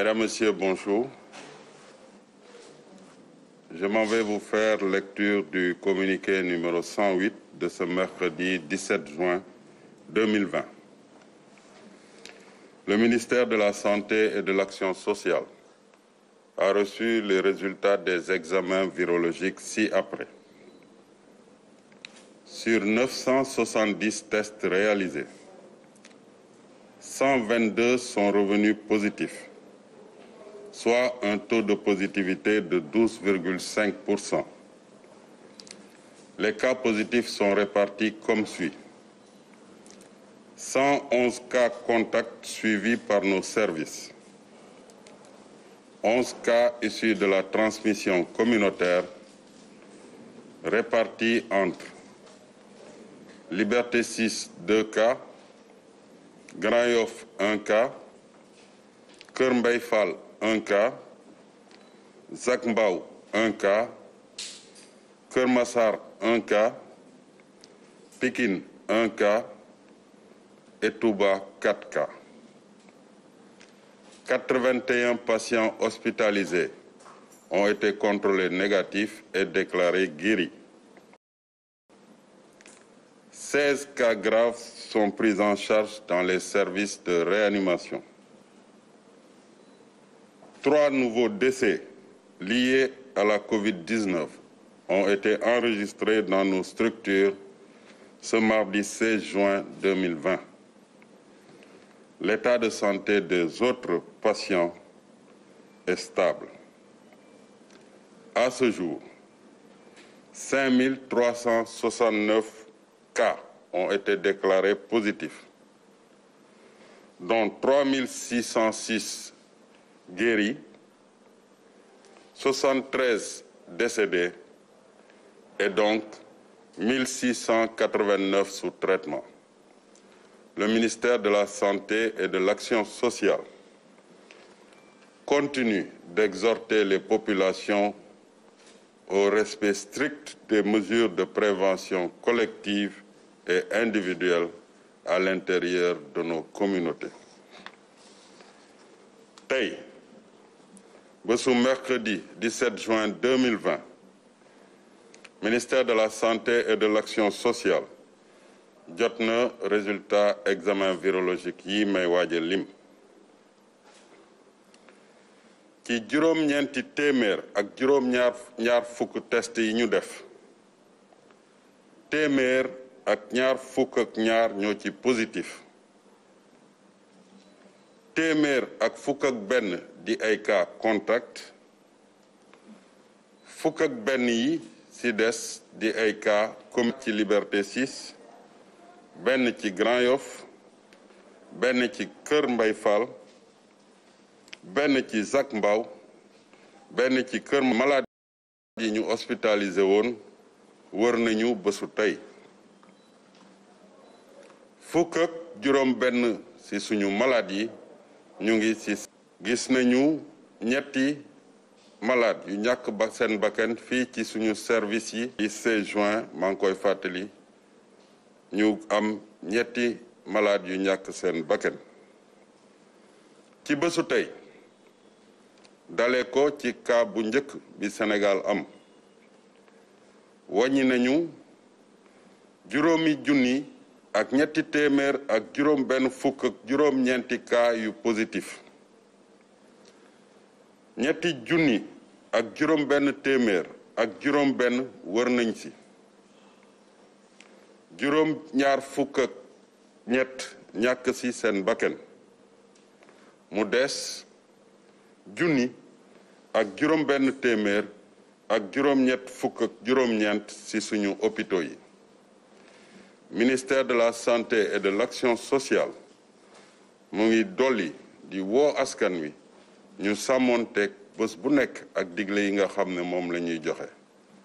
Mesdames, Messieurs, bonjour. Je m'en vais vous faire lecture du communiqué numéro 108 de ce mercredi 17 juin 2020. Le ministère de la Santé et de l'Action sociale a reçu les résultats des examens virologiques ci-après. Sur 970 tests réalisés, 122 sont revenus positifs soit un taux de positivité de 12,5%. Les cas positifs sont répartis comme suit. 111 cas contacts suivis par nos services. 11 cas issus de la transmission communautaire répartis entre Liberté 6, 2 cas, Grayoff, 1 cas, Kermbeifal, 1 cas, Zakmbao, 1 cas, Kermassar, 1 cas, Pékin, 1 cas, et Touba, 4 cas. 81 patients hospitalisés ont été contrôlés négatifs et déclarés guéris. 16 cas graves sont pris en charge dans les services de réanimation trois nouveaux décès liés à la COVID-19 ont été enregistrés dans nos structures ce mardi 16 juin 2020. L'état de santé des autres patients est stable. À ce jour, 5369 cas ont été déclarés positifs, dont 3606 guéris, 73 décédés et donc 1689 sous traitement. Le ministère de la Santé et de l'Action sociale continue d'exhorter les populations au respect strict des mesures de prévention collective et individuelle à l'intérieur de nos communautés monsieur mercredi 17 juin 2020 ministère de la santé et de l'action sociale jotna le résultat examen virologique yi may waaje lim ci juróom-ñeenti témèr ak juróom-ñaar ñaar fukk test yi ñu def témèr ak ñaar fukk ak ñaar ñoo positif témèr ak fukk ak di ay cas contact fuk ak ben yi ci des di ay cas comme ci Liberté 6 ben ci Grand yof ben ci keur Mbay Fall ben ci zak mbaw ben ci keur malade yi ñu hospitaliser won wër nañu bësu tay fuk ak juroom ben ci suñu malade yi ñu ngi ci gis nañu ñetti malade yu ñàkk ba seen bakkan fii ci suñu service yi. ci 16 juin maa ngi koy fàttali ñu am ñetti malade yu ñàkk seen bakkan ci bésu tey dale ko ci cas bu njëkk bi Sénégal am wàññi nañu juróomi junni ak ñetti téeméer ak juróom benn fukk juróom ñeenti cas yu positif. ñetti junni ak juróom benn téeméer ak juróom benn wër nañ ci juróom ñaar fukk ak ñett ñàkk ci seen bakken mu des junni ak juróom benn téeméer ak juróom ñett fukk ak juróom ñeent ci suñu hôpitaux yi ministère de la santé et de l'action sociale mu ngi dolli di woo askan wi ñu teg bés bu nekk ak digle yi nga xam ne moom la ñuy joxe